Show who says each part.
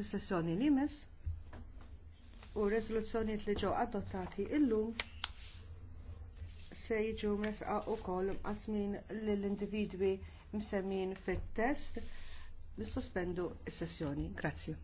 Speaker 1: fis-sessjoni li mis u r-riżoluzzjonijiet li ġew adottati illum se jiġu mresqa wkoll mqasmin lill-individwi msemmin fit-test nissospendu s-sessjoni. Grazzi.